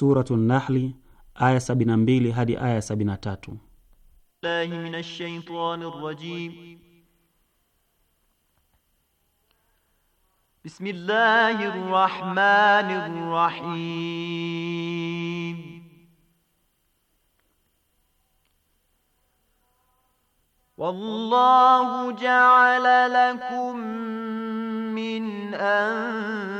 Suratu Nahli aya mbili hadi aya 73. Billahi minash shaitani rajim. Bismillahir Rahmanir Rahim. والله جعل لكم من أنفسكم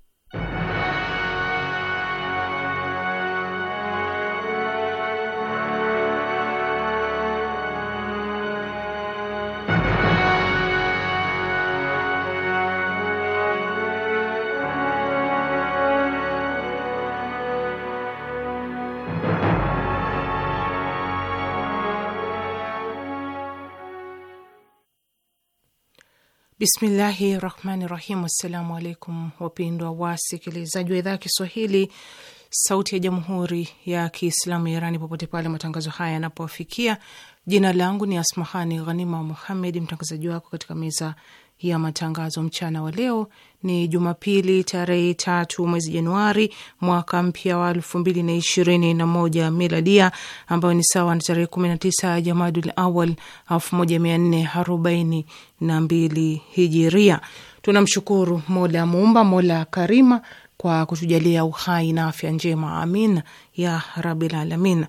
Bismillahi rahmani rahim. Assalamu alaikum wapendwa wasikilizaji wa idhaa ya Kiswahili sauti ya jamhuri ya Kiislamu ya Irani popote pale matangazo haya yanapowafikia. Jina langu ni Asmahani Ghanima Muhammed, mtangazaji wako katika meza ya matangazo mchana wa leo ni Jumapili tarehe tatu mwezi Januari mwaka mpya wa elfu mbili na ishirini na moja miladia, ambayo ni sawa na tarehe kumi na tisa Jamadul Awal elfu moja mia nne arobaini na mbili hijiria. Tunamshukuru Mola Muumba, Mola Karima kwa kutujalia uhai na afya njema, amin ya rabil alamin.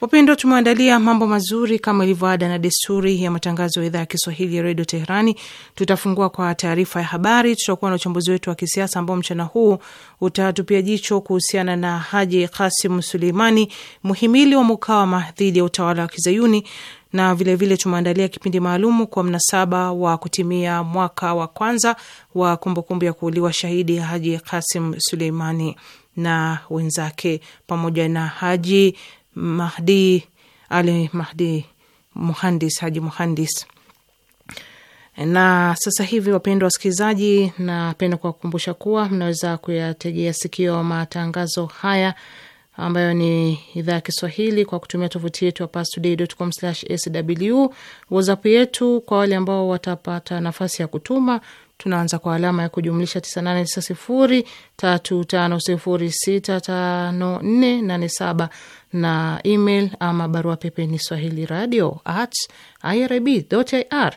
Wapendwa, tumeandalia mambo mazuri kama ilivyo ada na desturi ya matangazo ya idhaa ya Kiswahili ya redio Teherani. Tutafungua kwa taarifa ya habari, tutakuwa na uchambuzi wetu wa kisiasa ambao mchana huu utatupia jicho kuhusiana na Haji Kasim Suleimani, muhimili wa mukawama dhidi ya utawala wa Kizayuni, na vilevile tumeandalia kipindi maalumu kwa mnasaba wa kutimia mwaka wa kwanza wa kumbukumbu kumbu ya kuuliwa shahidi Haji Kasim Suleimani na wenzake pamoja na Haji Mahdi Ali Mahdi Muhandis Haji Muhandis. Na sasa hivi, wapendwa wasikilizaji, napenda kuwakumbusha kuwa mnaweza kuyategea sikio matangazo haya ambayo ni idhaa ya Kiswahili kwa kutumia tovuti yetu ya pastoday.com/sw, WhatsApp yetu kwa wale ambao watapata nafasi ya kutuma tunaanza kwa alama ya kujumlisha 989035065487 na email ama barua pepe ni swahili radio at irib.ir.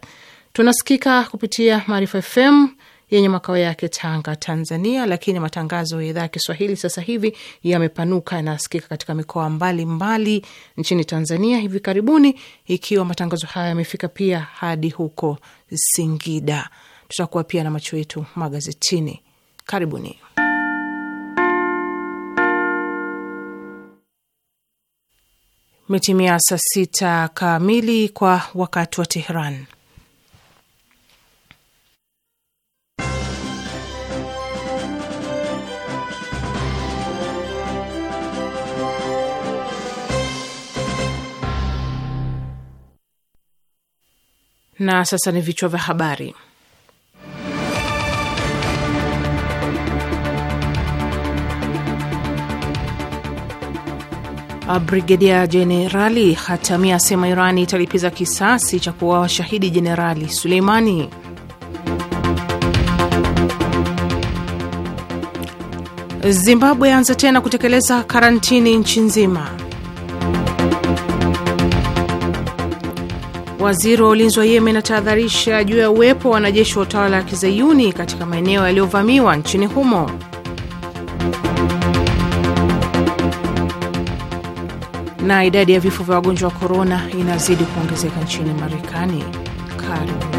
Tunasikika kupitia Maarifa FM yenye makao yake Tanga, Tanzania, lakini matangazo ya idhaa ya Kiswahili sasa hivi yamepanuka, yanasikika katika mikoa mbalimbali nchini Tanzania, hivi karibuni ikiwa matangazo haya yamefika pia hadi huko Singida tutakuwa pia na macho yetu magazetini. Karibuni. Imetimia saa sita kamili kwa wakati wa Tehran. Na sasa ni vichwa vya habari. Brigedia Jenerali Hatami asema Irani italipiza kisasi cha kuuawa shahidi Jenerali Suleimani. Zimbabwe yaanza tena kutekeleza karantini nchi nzima. Waziri wa ulinzi wa Yemen atahadharisha juu ya uwepo wa wanajeshi wa utawala wa kizayuni katika maeneo yaliyovamiwa nchini humo. na idadi ya vifo vya wagonjwa wa korona inazidi kuongezeka nchini Marekani. Karibu.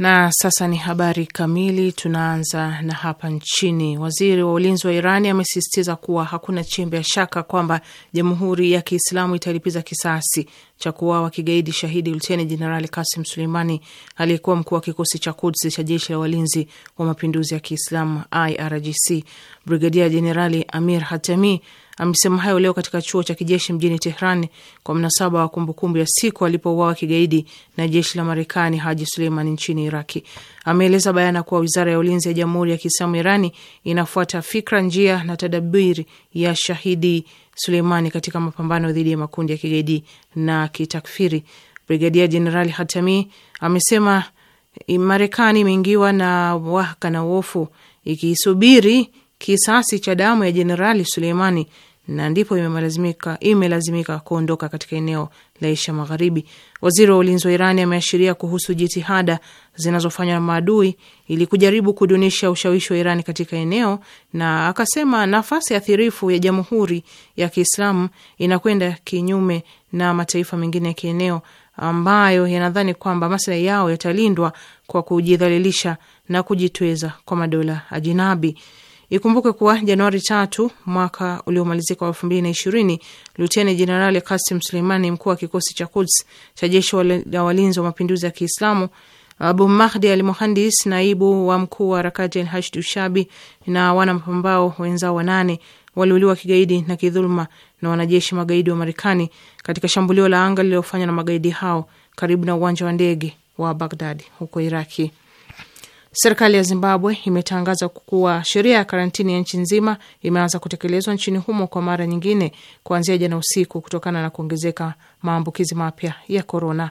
Na sasa ni habari kamili. Tunaanza na hapa nchini. Waziri wa ulinzi wa Irani amesisitiza kuwa hakuna chembe ya shaka kwamba Jamhuri ya Kiislamu italipiza kisasi cha kuuawa kigaidi shahidi Luteni Jenerali Kasim Suleimani aliyekuwa mkuu wa kikosi cha Kudsi cha jeshi la walinzi wa mapinduzi ya Kiislamu IRGC. Brigadia Jenerali Amir Hatami amesema hayo leo katika chuo cha kijeshi mjini Tehran kwa mnasaba wa kumbukumbu ya siku alipouawa kigaidi na jeshi la Marekani Haji Suleiman nchini Iraki. Ameeleza bayana kuwa wizara ya ulinzi ya Jamhuri ya Kiislamu Irani inafuata fikra, njia na tadabiri ya shahidi Suleimani katika mapambano dhidi ya makundi ya kigaidi na kitakfiri. Brigadia Jenerali Hatami amesema Marekani imeingiwa na waka na uofu ikisubiri kisasi cha damu ya Jenerali Suleimani na ndipo imelazimika imelazimika kuondoka katika eneo la Asia Magharibi. Waziri wa ulinzi wa Irani ameashiria kuhusu jitihada zinazofanywa na maadui ili kujaribu kudunisha ushawishi wa Irani katika eneo, na akasema nafasi athirifu ya Jamhuri ya Kiislamu inakwenda kinyume na mataifa mengine ya kieneo ambayo yanadhani kwamba maslahi yao yatalindwa kwa kujidhalilisha na kujitweza kwa madola ajinabi. Ikumbuke kuwa Januari tatu mwaka uliomalizika wa elfu mbili na ishirini, Luteni Jenerali Kasim Suleimani, mkuu wa kikosi cha Kuds cha jeshi la walinzi wa mapinduzi ya Kiislamu, Abu Mahdi al Muhandis, naibu wa mkuu wa harakati Al Hashd Ushabi, na wanampambao wenzao wanane waliuliwa kigaidi na kidhuluma na wanajeshi magaidi wa Marekani katika shambulio la anga lililofanywa na magaidi hao karibu na uwanja wa ndege wa Bagdad huko Iraki. Serikali ya Zimbabwe imetangaza kuwa sheria ya karantini ya nchi nzima imeanza kutekelezwa nchini humo kwa mara nyingine kuanzia jana usiku kutokana na kuongezeka maambukizi mapya ya korona.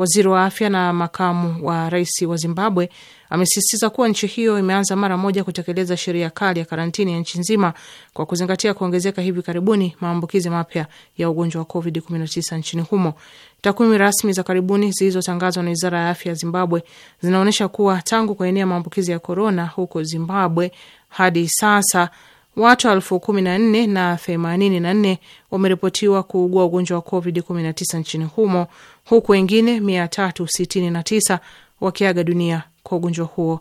Waziri wa afya na makamu wa rais wa Zimbabwe amesisitiza kuwa nchi hiyo imeanza mara moja kutekeleza sheria kali ya karantini ya nchi nzima kwa kuzingatia kuongezeka hivi karibuni maambukizi mapya ya ugonjwa wa COVID-19 nchini humo. Takwimu rasmi za karibuni zilizotangazwa na wizara ya afya ya Zimbabwe zinaonyesha kuwa tangu kuenea maambukizi ya korona huko Zimbabwe hadi sasa watu elfu kumi na nne na themanini na nne wameripotiwa kuugua ugonjwa wa COVID-19 nchini humo huku wengine 369 wakiaga dunia kwa ugonjwa huo.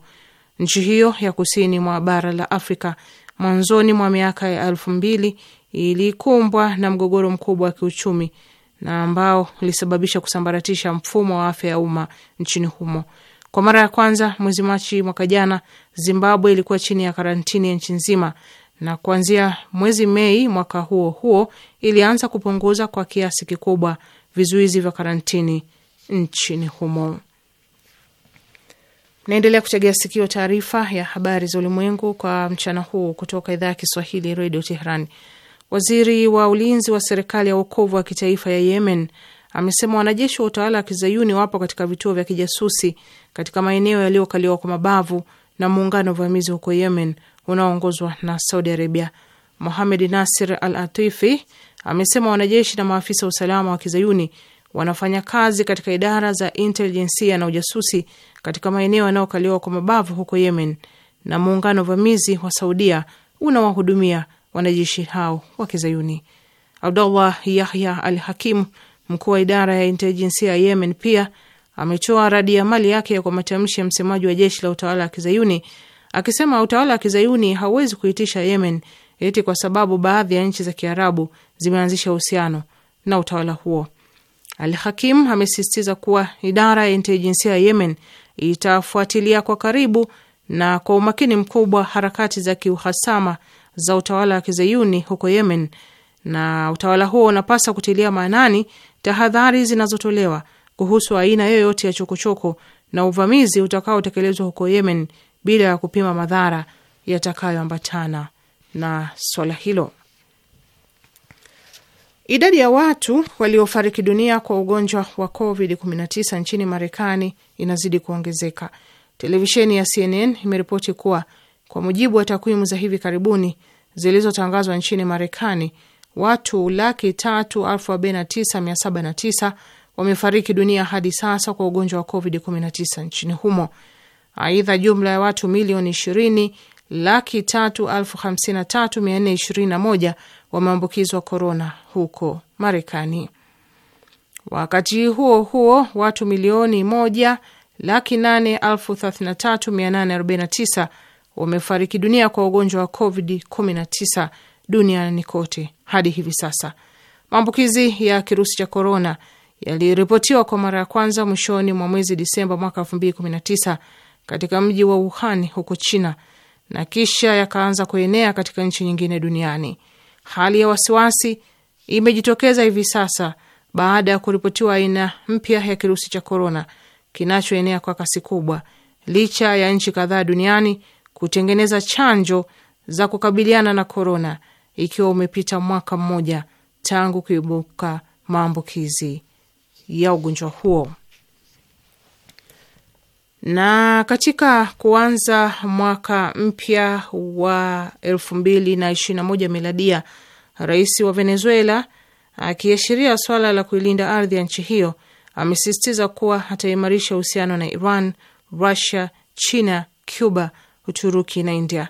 Nchi hiyo ya kusini mwa bara la Afrika mwanzoni mwa miaka ya elfu mbili ilikumbwa na mgogoro mkubwa wa kiuchumi na ambao ulisababisha kusambaratisha mfumo wa afya ya umma nchini humo. Kwa mara ya kwanza mwezi Machi mwaka jana, Zimbabwe ilikuwa chini ya karantini ya nchi nzima, na kuanzia mwezi Mei mwaka huo huo ilianza kupunguza kwa kiasi kikubwa vizuizi vya karantini nchini humo. Naendelea kutegea sikio taarifa ya habari za ulimwengu kwa mchana huu kutoka idhaa ya Kiswahili redio Tehran. Waziri wa ulinzi wa serikali ya uokovu wa kitaifa ya Yemen amesema wanajeshi wa utawala wa kizayuni wapo katika vituo vya kijasusi katika maeneo yaliyokaliwa kwa mabavu na muungano wa uvamizi huko Yemen unaoongozwa na Saudi Arabia. Mohamed Nasir Al Atifi amesema wanajeshi na maafisa wa usalama wa kizayuni wanafanya kazi katika idara za intelijensia na ujasusi katika maeneo yanayokaliwa kwa mabavu huko Yemen, na muungano vamizi wa Saudia unawahudumia wanajeshi hao wa kizayuni. Abdullah Yahya al Hakim, mkuu wa idara ya intelijensia ya Yemen, pia ametoa radi ya mali yake kwa matamshi ya msemaji wa jeshi la utawala wa kizayuni akisema utawala wa kizayuni hauwezi kuitisha Yemen eti kwa sababu baadhi ya nchi za kiarabu zimeanzisha uhusiano na utawala huo. Al Hakim amesisitiza kuwa idara ya intelijensia ya Yemen itafuatilia kwa karibu na kwa umakini mkubwa harakati za kiuhasama za utawala wa kizayuni huko Yemen, na utawala huo unapaswa kutilia maanani tahadhari zinazotolewa kuhusu aina yoyote ya chokochoko na uvamizi utakaotekelezwa huko Yemen bila ya kupima madhara yatakayoambatana na swala hilo. Idadi ya watu waliofariki dunia kwa ugonjwa wa COVID-19 nchini Marekani inazidi kuongezeka. Televisheni ya CNN imeripoti kuwa kwa mujibu wa takwimu za hivi karibuni zilizotangazwa nchini Marekani, watu laki tatu elfu arobaini na tisa mia saba na tisa wamefariki dunia hadi sasa kwa ugonjwa wa COVID-19 nchini humo. Aidha, jumla ya watu milioni 20 laki tatu elfu hamsini na tatu mia nne ishirini na moja wa maambukizo wa korona huko Marekani. Wakati huo huo, watu milioni moja laki nane elfu thelathini na tatu mia nane arobaini na tisa wamefariki dunia kwa ugonjwa wa Covid 19 duniani kote hadi hivi sasa. Maambukizi ya kirusi cha korona yaliripotiwa kwa mara ya kwanza mwishoni mwa mwezi Disemba mwaka 2019 katika mji wa Wuhan huko China, na kisha yakaanza kuenea katika nchi nyingine duniani. Hali ya wasiwasi imejitokeza hivi sasa baada ya kuripotiwa aina mpya ya kirusi cha korona kinachoenea kwa kasi kubwa, licha ya nchi kadhaa duniani kutengeneza chanjo za kukabiliana na korona, ikiwa umepita mwaka mmoja tangu kuibuka maambukizi ya ugonjwa huo na katika kuanza mwaka mpya wa elfu mbili na ishirini na moja miladia, rais wa Venezuela akiashiria swala la kuilinda ardhi ya nchi hiyo amesisitiza kuwa ataimarisha uhusiano na Iran, Rusia, China, Cuba, Uturuki na India.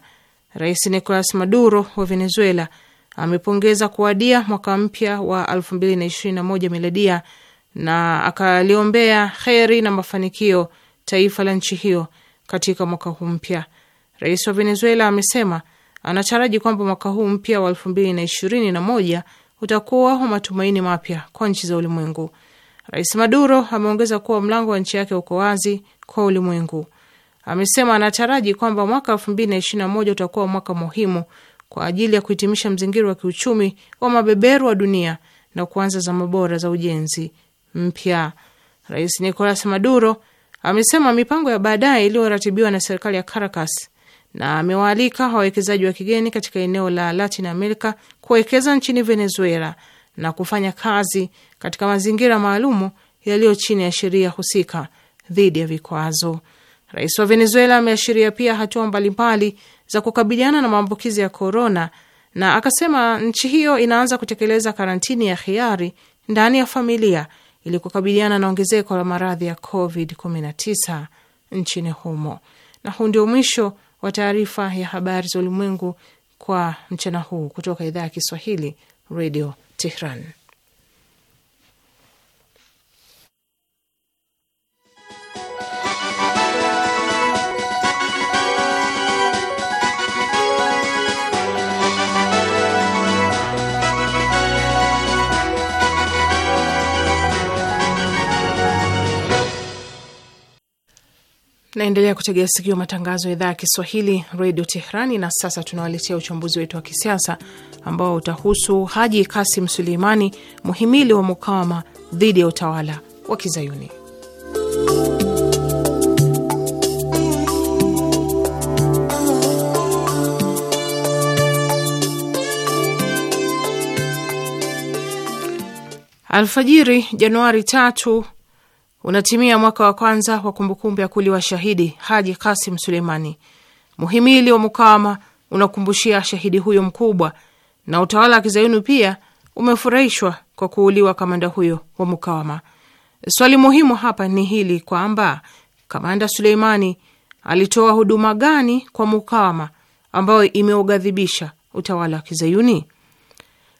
Rais Nicolas Maduro wa Venezuela amepongeza kuadia mwaka mpya wa elfu mbili na ishirini na moja miladia na akaliombea heri na mafanikio taifa la nchi hiyo katika mwaka huu mpya. Rais wa Venezuela amesema anataraji kwamba mwaka huu mpya wa elfu mbili na ishirini na moja utakuwa wa matumaini mapya kwa nchi za ulimwengu. Rais Maduro ameongeza kuwa mlango wa nchi yake uko wazi kwa ulimwengu. Amesema anataraji kwamba mwaka elfu mbili na ishirini na moja utakuwa mwaka muhimu kwa ajili ya kuhitimisha mzingiro wa kiuchumi wa mabeberu wa dunia na kuanza zama bora za ujenzi mpya. Rais Nicolas Maduro Amesema mipango ya baadaye iliyoratibiwa na serikali ya Caracas na amewaalika wawekezaji wa kigeni katika eneo la Latin America kuwekeza nchini Venezuela na kufanya kazi katika mazingira maalumu yaliyo chini ya sheria husika dhidi ya vikwazo. Rais wa Venezuela ameashiria pia hatua mbalimbali za kukabiliana na maambukizi ya korona, na akasema nchi hiyo inaanza kutekeleza karantini ya hiari ndani ya familia ili kukabiliana na ongezeko la maradhi ya COVID-19 nchini humo. Na huu ndio mwisho wa taarifa ya habari za ulimwengu kwa mchana huu kutoka idhaa ya Kiswahili, Radio Tehran. Naendelea kutegea sikio matangazo ya idhaa ya Kiswahili redio Teherani. Na sasa tunawaletea uchambuzi wetu wa kisiasa ambao utahusu Haji Kasim Suleimani, muhimili wa mukawama dhidi ya utawala wa Kizayuni. Alfajiri Januari tatu unatimia mwaka wa kwanza wa kumbukumbu ya kuliwa shahidi Haji Kasim Suleimani. Muhimili wa mukawama unakumbushia shahidi huyo mkubwa, na utawala wa kizayuni pia umefurahishwa kwa kuuliwa kamanda huyo wa mukawama. Swali muhimu hapa ni hili kwamba kamanda Suleimani alitoa huduma gani kwa mukawama ambayo imeugadhibisha utawala wa kizayuni?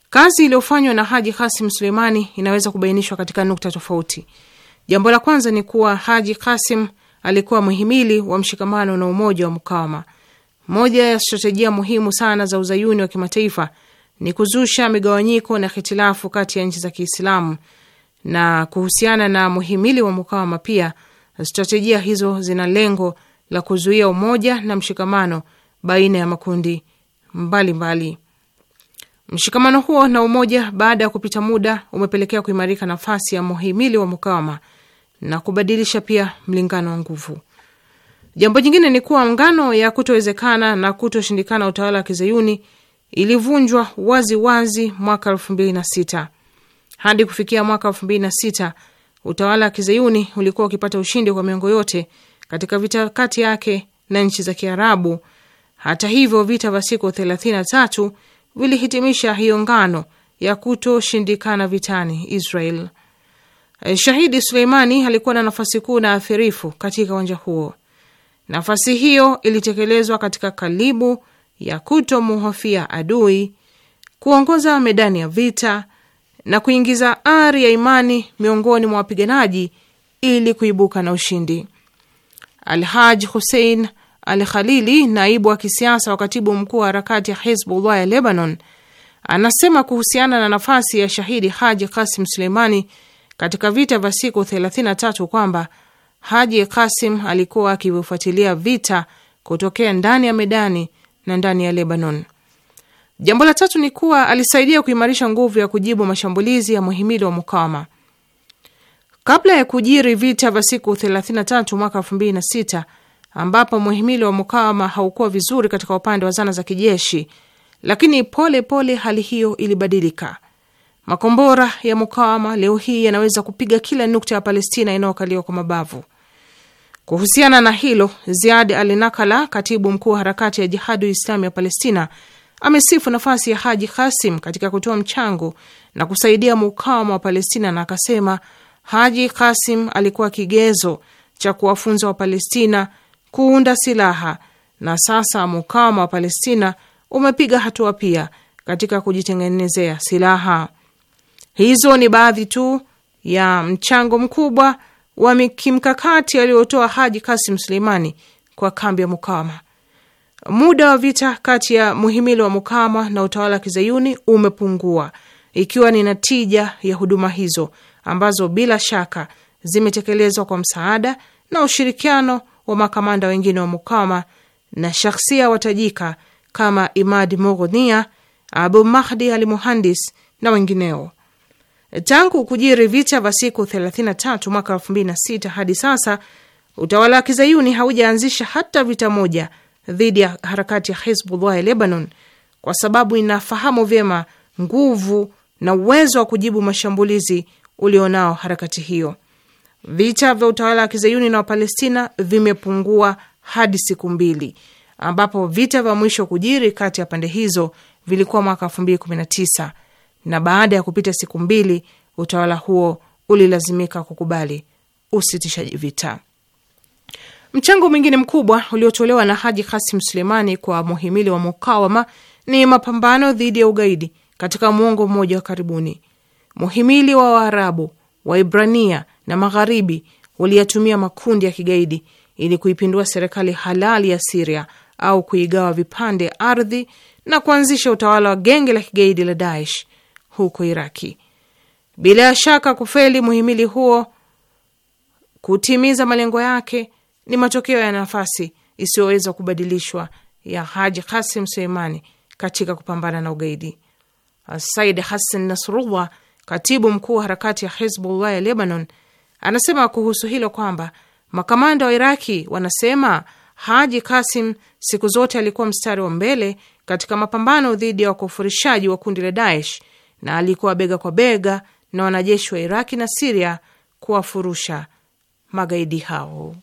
Kazi iliyofanywa na Haji Kasim Suleimani inaweza kubainishwa katika nukta tofauti. Jambo la kwanza ni kuwa Haji Kasim alikuwa mhimili wa mshikamano na umoja wa mkawama. Moja ya stratejia muhimu sana za uzayuni wa kimataifa ni kuzusha migawanyiko na hitilafu kati ya nchi za Kiislamu. Na kuhusiana na muhimili wa mkawama, pia stratejia hizo zina lengo la kuzuia umoja na mshikamano baina ya makundi mbalimbali mbali. Mshikamano huo na umoja, baada ya kupita muda, umepelekea kuimarika nafasi ya muhimili wa mukawama na kubadilisha pia mlingano wa nguvu. Jambo jingine ni kuwa ngano ya kutowezekana na kutoshindikana utawala wa kizayuni ilivunjwa wazi wazi mwaka elfu mbili na sita. Hadi kufikia mwaka elfu mbili na sita utawala wa kizayuni ulikuwa ukipata ushindi kwa miongo yote katika vita kati yake na nchi za Kiarabu. Hata hivyo, vita vya siku thelathini na tatu vilihitimisha hiyo ngano ya kutoshindikana vitani Israel. Eh, shahidi Suleimani alikuwa na nafasi kuu na athirifu katika uwanja huo. Nafasi hiyo ilitekelezwa katika kalibu ya muhofia adui, kuongoza medani ya vita na kuingiza ari ya imani miongoni mwa wapiganaji ili kuibuka na ushindi. Alhaj Hussein Al Khalili, naibu wa kisiasa wa katibu mkuu wa harakati ya Hizbullah ya Lebanon, anasema kuhusiana na nafasi ya shahidi Haji Kasim Suleimani katika vita vya siku 33 kwamba Haji Kasim alikuwa akivifuatilia vita kutokea ndani ya medani na ndani ya Lebanon. Jambo la tatu ni kuwa alisaidia kuimarisha nguvu ya kujibu mashambulizi ya muhimili wa mukawama. Kabla ya kujiri vita vya siku 33 mwaka 2006, ambapo muhimili wa mukawama haukuwa vizuri katika upande wa zana za kijeshi, lakini pole pole hali hiyo ilibadilika. Makombora ya mukawama leo hii yanaweza kupiga kila nukta ya Palestina inayokaliwa kwa mabavu. Kuhusiana na hilo, Ziad Al Nakala, katibu mkuu wa harakati ya Jihadu Islami ya Palestina, amesifu nafasi ya Haji Kasim katika kutoa mchango na kusaidia mukawama wa Palestina, na akasema Haji Kasim alikuwa kigezo cha kuwafunza Wapalestina kuunda silaha, na sasa mukawama wa Palestina umepiga hatua pia katika kujitengenezea silaha. Hizo ni baadhi tu ya mchango mkubwa wa kimkakati aliyotoa Haji Kasim Suleimani kwa kambi ya Mukawama. Muda wa vita kati ya muhimili wa Mukawama na utawala wa kizayuni umepungua, ikiwa ni natija ya huduma hizo ambazo bila shaka zimetekelezwa kwa msaada na ushirikiano wa makamanda wengine wa Mukawama na shakhsia watajika kama Imad Mughnia, Abu Mahdi al Muhandis na wengineo. Tangu kujiri vita vya siku 33 mwaka 2006 hadi sasa, utawala wa kizayuni haujaanzisha hata vita moja dhidi ya harakati ya Hizbullah ya Lebanon, kwa sababu inafahamu vyema nguvu na uwezo wa kujibu mashambulizi ulionao harakati hiyo. Vita vya utawala wa kizayuni na Wapalestina vimepungua hadi siku mbili, ambapo vita vya mwisho kujiri kati ya pande hizo vilikuwa mwaka 2019 na baada ya kupita siku mbili utawala huo ulilazimika kukubali usitishaji vita. Mchango mwingine mkubwa uliotolewa na Haji Kasim Suleimani kwa muhimili wa mukawama ni mapambano dhidi ya ugaidi katika muongo mmoja wa karibuni. Muhimili wa Waarabu, Waibrania na Magharibi waliyatumia makundi ya kigaidi ili kuipindua serikali halali ya Siria au kuigawa vipande ardhi na kuanzisha utawala wa genge la kigaidi la Daesh huko Iraki. Bila shaka kufeli muhimili huo kutimiza malengo yake ni matokeo ya nafasi isiyoweza kubadilishwa ya Haji Kasim Suleimani katika kupambana na ugaidi. Said Hassan Nasrullah, katibu mkuu wa harakati ya hezbullah ya Lebanon, anasema kuhusu hilo kwamba makamanda wa Iraki wanasema Haji Kasim siku zote alikuwa mstari wa mbele katika mapambano dhidi ya wakufurishaji wa kundi la Daesh na alikuwa bega kwa bega na wanajeshi wa Iraki na Siria kuwafurusha magaidi hao.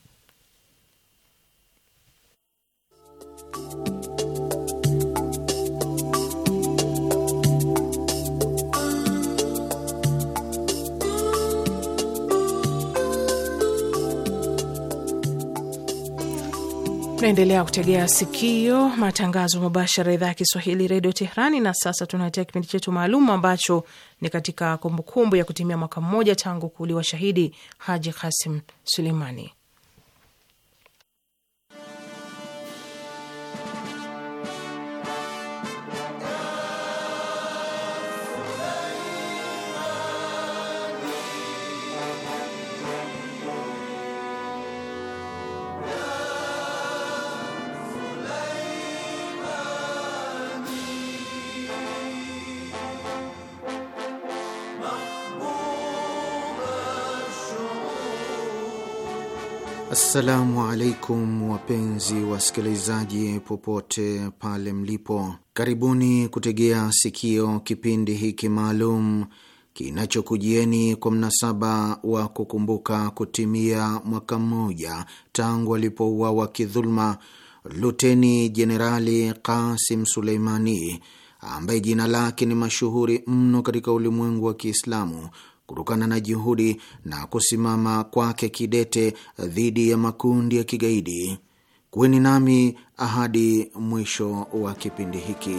Naendelea kutegea sikio matangazo mubashara idhaa ya Kiswahili redio Teherani. Na sasa tunaletea kipindi chetu maalum ambacho ni katika kumbukumbu ya kutimia mwaka mmoja tangu kuuliwa shahidi Haji Kasim Suleimani. Assalamu alaikum wapenzi wasikilizaji, popote pale mlipo, karibuni kutegea sikio kipindi hiki maalum kinachokujieni kwa mnasaba wa kukumbuka kutimia mwaka mmoja tangu alipouawa kidhuluma Luteni Jenerali Kasim Suleimani ambaye jina lake ni mashuhuri mno katika ulimwengu wa Kiislamu kutokana na juhudi na kusimama kwake kidete dhidi ya makundi ya kigaidi. Kuweni nami hadi mwisho wa kipindi hiki.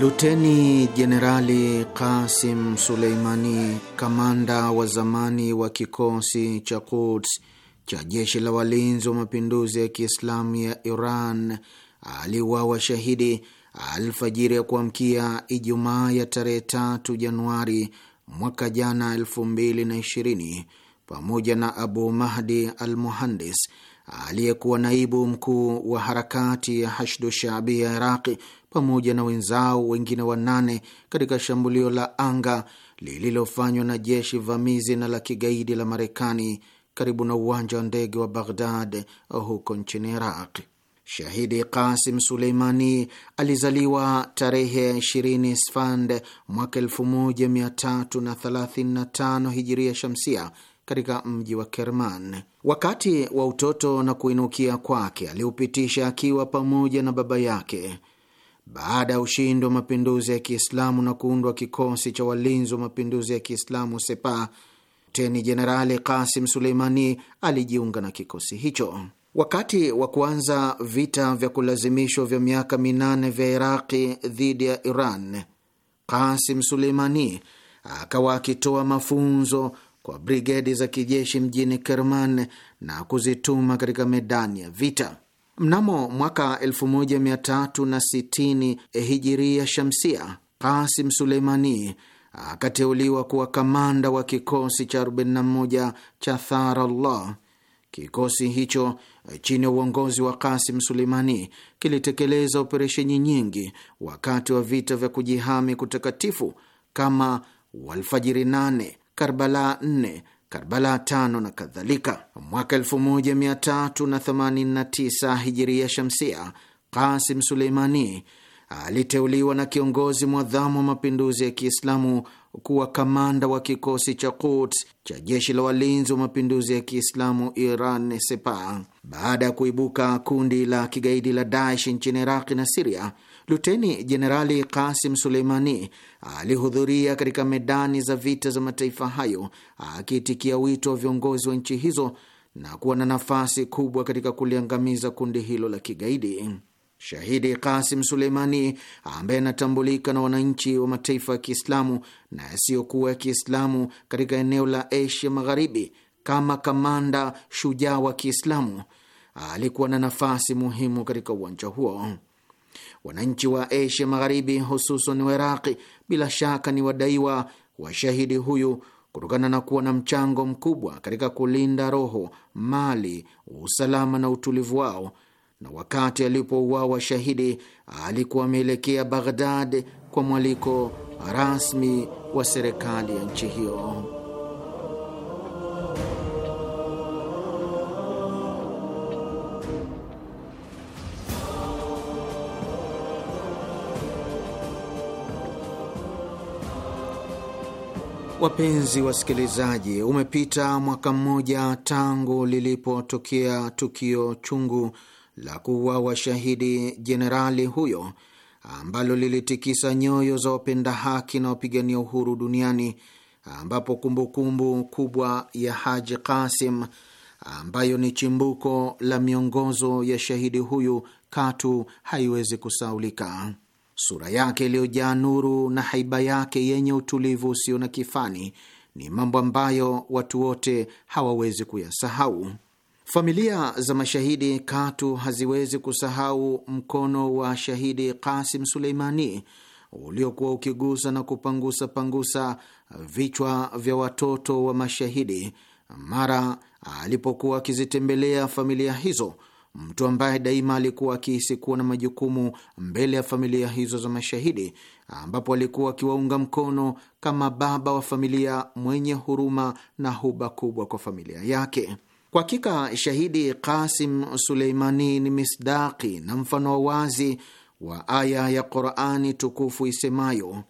Luteni Jenerali Kasim Suleimani, kamanda wa zamani wa kikosi cha Quds cha jeshi la walinzi wa mapinduzi ya Kiislamu ya Iran aliuawa shahidi alfajiri ya kuamkia Ijumaa ya tarehe 3 Januari mwaka jana ishirini pamoja na Abu Mahdi al Muhandis aliyekuwa naibu mkuu wa harakati ya Hashdu Shaabi ya Iraqi pamoja na wenzao wengine wanane katika shambulio la anga lililofanywa na jeshi vamizi na la kigaidi la Marekani karibu na uwanja wa ndege wa Baghdad huko nchini Iraq. Shahidi Qasim Suleimani alizaliwa tarehe 20 Sfand mwaka 1335 hijiria shamsia katika mji wa Kerman. Wakati wa utoto na kuinukia kwake aliupitisha akiwa pamoja na baba yake. Baada ya ushindi wa mapinduzi ya Kiislamu na kuundwa kikosi cha walinzi wa mapinduzi ya Kiislamu Sepah, Luteni Jenerali Kasim Suleimani alijiunga na kikosi hicho. Wakati wa kuanza vita vya kulazimishwa vya miaka minane vya Iraqi dhidi ya Iran, Kasim Suleimani akawa akitoa mafunzo kwa brigedi za kijeshi mjini Kerman na kuzituma katika medani ya vita. Mnamo mwaka 1360 hijiria shamsia, Kasim Suleimani akateuliwa kuwa kamanda wa kikosi cha 41 cha Tharallah. Kikosi hicho chini ya uongozi wa Kasim Suleimani kilitekeleza operesheni nyingi wakati wa vita vya kujihami kutakatifu kama Walfajiri 8, Karbala 4, Karbala 5 na kadhalika. Mwaka 1389 hijiria shamsia, Kasim Suleimani aliteuliwa na kiongozi mwadhamu wa mapinduzi ya Kiislamu kuwa kamanda wa kikosi cha Quds cha jeshi la walinzi wa mapinduzi ya Kiislamu Iran sepa Baada ya kuibuka kundi la kigaidi la Daesh nchini Iraqi na Siria, Luteni Jenerali Kasim Suleimani alihudhuria katika medani za vita za mataifa hayo akiitikia wito wa viongozi wa nchi hizo na kuwa na nafasi kubwa katika kuliangamiza kundi hilo la kigaidi. Shahidi Kasim Suleimani, ambaye anatambulika na wananchi wa mataifa ya Kiislamu na yasiyokuwa ya Kiislamu katika eneo la Asia Magharibi kama kamanda shujaa wa Kiislamu, alikuwa na nafasi muhimu katika uwanja huo. Wananchi wa Asia Magharibi, hususan wa Iraqi, bila shaka ni wadaiwa wa shahidi huyu kutokana na kuwa na mchango mkubwa katika kulinda roho, mali, usalama na utulivu wao na wakati alipouawa shahidi alikuwa ameelekea Baghdad kwa mwaliko rasmi wa serikali ya nchi hiyo. Wapenzi wasikilizaji, umepita mwaka mmoja tangu lilipotokea tukio chungu la kuwa shahidi jenerali huyo ambalo lilitikisa nyoyo za wapenda haki na wapigania uhuru duniani, ambapo kumbukumbu kumbu kubwa ya Haji Kasim ambayo ni chimbuko la miongozo ya shahidi huyu katu haiwezi kusaulika. Sura yake iliyojaa nuru na haiba yake yenye utulivu usio na kifani ni mambo ambayo watu wote hawawezi kuyasahau. Familia za mashahidi katu haziwezi kusahau mkono wa shahidi Kasim Suleimani uliokuwa ukigusa na kupangusa pangusa vichwa vya watoto wa mashahidi mara alipokuwa akizitembelea familia hizo, mtu ambaye daima alikuwa akihisi kuwa na majukumu mbele ya familia hizo za mashahidi, ambapo alikuwa akiwaunga mkono kama baba wa familia mwenye huruma na huba kubwa kwa familia yake. Kwa hakika shahidi Kasim Suleimani ni misdaki na mfano wa wazi wa aya ya Qurani tukufu isemayo,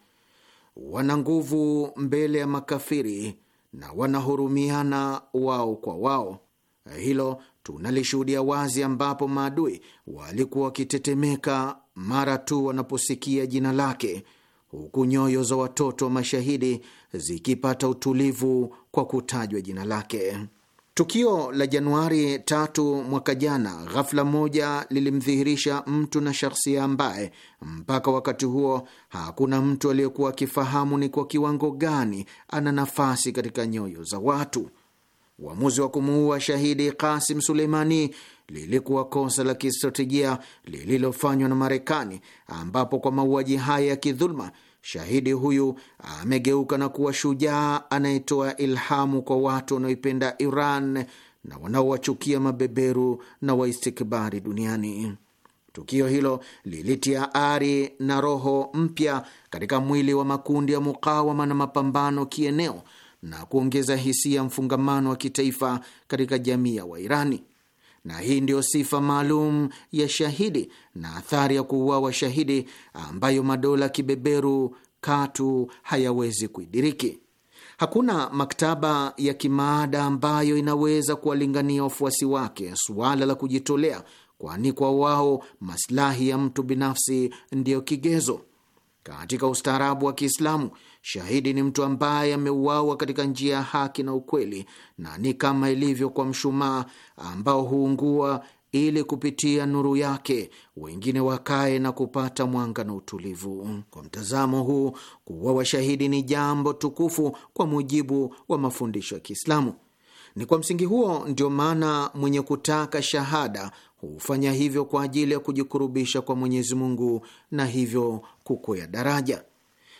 wana nguvu mbele ya makafiri na wanahurumiana wao kwa wao. Hilo tunalishuhudia wazi, ambapo maadui walikuwa wakitetemeka mara tu wanaposikia jina lake, huku nyoyo za watoto wa mashahidi zikipata utulivu kwa kutajwa jina lake. Tukio la Januari tatu mwaka jana ghafula moja lilimdhihirisha mtu na shakhsia ambaye mpaka wakati huo hakuna mtu aliyekuwa akifahamu ni kwa kiwango gani ana nafasi katika nyoyo za watu. Uamuzi wa kumuua shahidi Kasim Suleimani lilikuwa kosa la kistratejia lililofanywa na Marekani, ambapo kwa mauaji haya ya kidhuluma Shahidi huyu amegeuka na kuwa shujaa anayetoa ilhamu kwa watu wanaoipenda Iran na wanaowachukia mabeberu na waistikbari duniani. Tukio hilo lilitia ari na roho mpya katika mwili wa makundi ya mukawama na mapambano kieneo na kuongeza hisia mfungamano wa kitaifa katika jamii ya Wairani na hii ndiyo sifa maalum ya shahidi na athari ya kuuawa shahidi ambayo madola kibeberu katu hayawezi kuidiriki. Hakuna maktaba ya kimaada ambayo inaweza kuwalingania wafuasi wake suala la kujitolea, kwani kwa wao maslahi ya mtu binafsi ndiyo kigezo. Katika ustaarabu wa Kiislamu, Shahidi ni mtu ambaye ameuawa katika njia ya haki na ukweli, na ni kama ilivyo kwa mshumaa ambao huungua ili kupitia nuru yake wengine wakae na kupata mwanga na utulivu. Kwa mtazamo huu, kuuawa shahidi ni jambo tukufu kwa mujibu wa mafundisho ya Kiislamu. Ni kwa msingi huo ndio maana mwenye kutaka shahada hufanya hivyo kwa ajili ya kujikurubisha kwa Mwenyezi Mungu na hivyo kukwea daraja.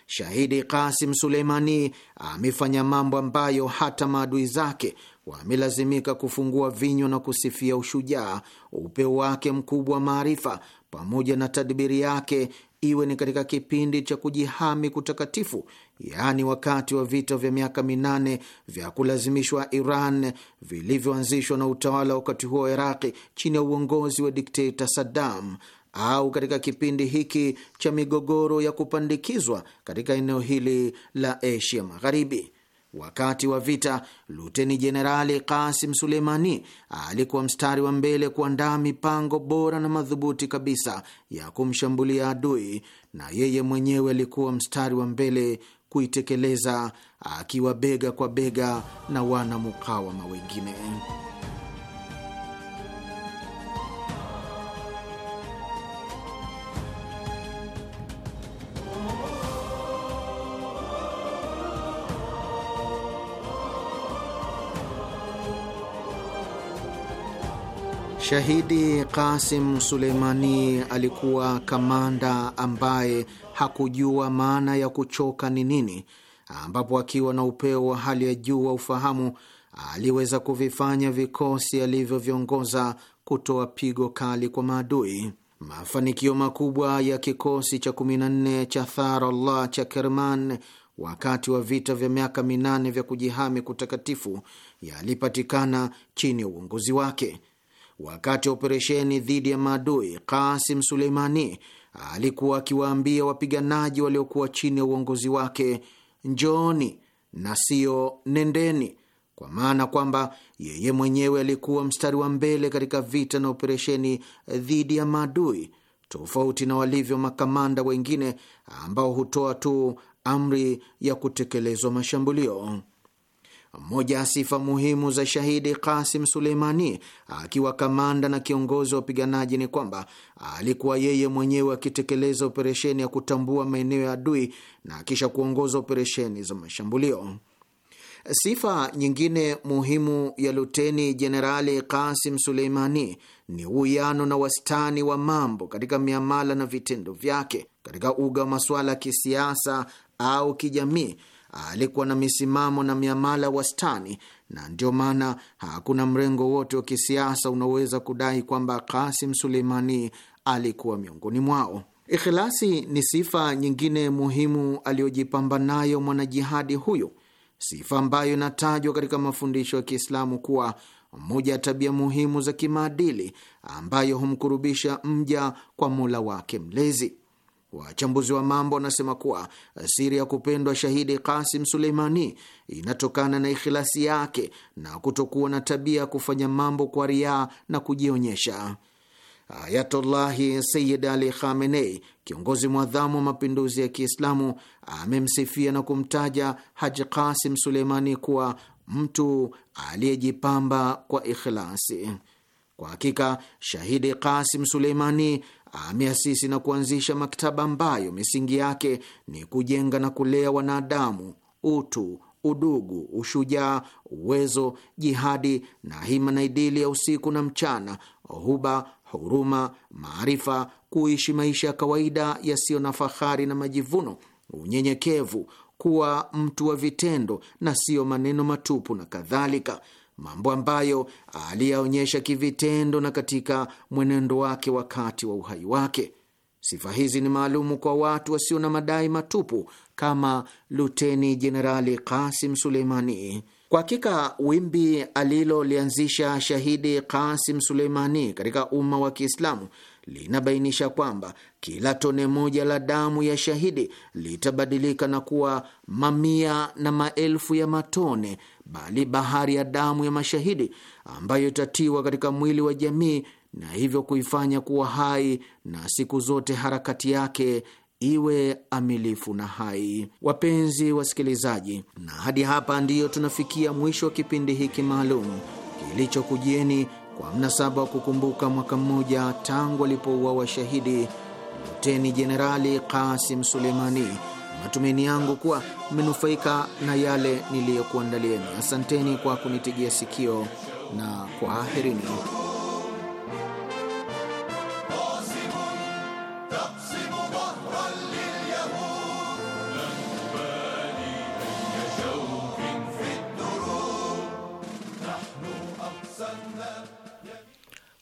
Shahidi Kasim Suleimani amefanya mambo ambayo hata maadui zake wamelazimika kufungua vinywa na kusifia ushujaa, upeo wake mkubwa wa maarifa, pamoja na tadbiri yake, iwe ni katika kipindi cha kujihami kutakatifu, yaani wakati wa vita vya miaka minane vya kulazimishwa Iran vilivyoanzishwa na utawala wakati huo wa Iraqi chini ya uongozi wa dikteta Saddam au katika kipindi hiki cha migogoro ya kupandikizwa katika eneo hili la Asia Magharibi. Wakati wa vita, Luteni Jenerali Kasim Suleimani alikuwa mstari wa mbele kuandaa mipango bora na madhubuti kabisa ya kumshambulia adui, na yeye mwenyewe alikuwa mstari wa mbele kuitekeleza, akiwa bega kwa bega na wanamukawama wengine. Shahidi Kasim Suleimani alikuwa kamanda ambaye hakujua maana ya kuchoka ni nini, ambapo akiwa na upeo wa hali ya juu wa ufahamu aliweza kuvifanya vikosi alivyoviongoza kutoa pigo kali kwa maadui. Mafanikio makubwa ya kikosi cha 14 cha Tharallah cha Kerman wakati wa vita vya miaka minane vya kujihami kutakatifu yalipatikana chini ya uongozi wake wakati wa operesheni dhidi ya maadui, Kasim Suleimani alikuwa akiwaambia wapiganaji waliokuwa chini ya uongozi wake, njooni na sio nendeni, kwa maana kwamba yeye mwenyewe alikuwa mstari wa mbele katika vita na operesheni dhidi ya maadui, tofauti na walivyo makamanda wengine ambao hutoa tu amri ya kutekelezwa mashambulio. Moja ya sifa muhimu za shahidi Kasim Suleimani akiwa kamanda na kiongozi wa wapiganaji ni kwamba alikuwa yeye mwenyewe akitekeleza operesheni ya kutambua maeneo ya adui na kisha kuongoza operesheni za mashambulio. Sifa nyingine muhimu ya Luteni Jenerali Kasim Suleimani ni uwiano na wastani wa mambo katika miamala na vitendo vyake katika uga wa masuala ya kisiasa au kijamii alikuwa na misimamo na miamala wastani, na ndio maana hakuna mrengo wote wa kisiasa unaweza kudai kwamba Kasim Suleimani alikuwa miongoni mwao. Ikhilasi ni sifa nyingine muhimu aliyojipamba nayo mwanajihadi huyo, sifa ambayo inatajwa katika mafundisho ya Kiislamu kuwa moja ya tabia muhimu za kimaadili ambayo humkurubisha mja kwa Mola wake Mlezi. Wachambuzi wa mambo wanasema kuwa siri ya kupendwa shahidi Kasim Suleimani inatokana na ikhilasi yake na kutokuwa na tabia ya kufanya mambo kwa riaa na kujionyesha. Ayatullahi Sayid Ali Khamenei, kiongozi mwadhamu wa mapinduzi ya Kiislamu, amemsifia na kumtaja Haji Kasim Suleimani kuwa mtu aliyejipamba kwa ikhilasi. Kwa hakika shahidi Kasim Suleimani ameasisi na kuanzisha maktaba ambayo misingi yake ni kujenga na kulea wanadamu, utu, udugu, ushujaa, uwezo, jihadi na hima na idili ya usiku na mchana, huba, huruma, maarifa, kuishi maisha ya kawaida yasiyo na fahari na majivuno, unyenyekevu, kuwa mtu wa vitendo na siyo maneno matupu na kadhalika mambo ambayo aliyaonyesha kivitendo na katika mwenendo wake wakati wa uhai wake. Sifa hizi ni maalumu kwa watu wasio na madai matupu kama Luteni Jenerali Kasim Suleimani. Kwa hakika wimbi alilolianzisha shahidi Kasim Suleimani katika umma wa Kiislamu linabainisha kwamba kila tone moja la damu ya shahidi litabadilika na kuwa mamia na maelfu ya matone bali bahari ya damu ya mashahidi ambayo itatiwa katika mwili wa jamii na hivyo kuifanya kuwa hai na siku zote harakati yake iwe amilifu na hai. Wapenzi wasikilizaji, na hadi hapa ndiyo tunafikia mwisho wa kipindi hiki maalum kilichokujieni kwa mnasaba wa kukumbuka mwaka mmoja tangu alipouawa shahidi Luteni Jenerali Kasim Suleimani matumaini yangu kuwa mmenufaika na yale niliyokuandalieni. Asanteni kwa kunitegea sikio na kwaherini.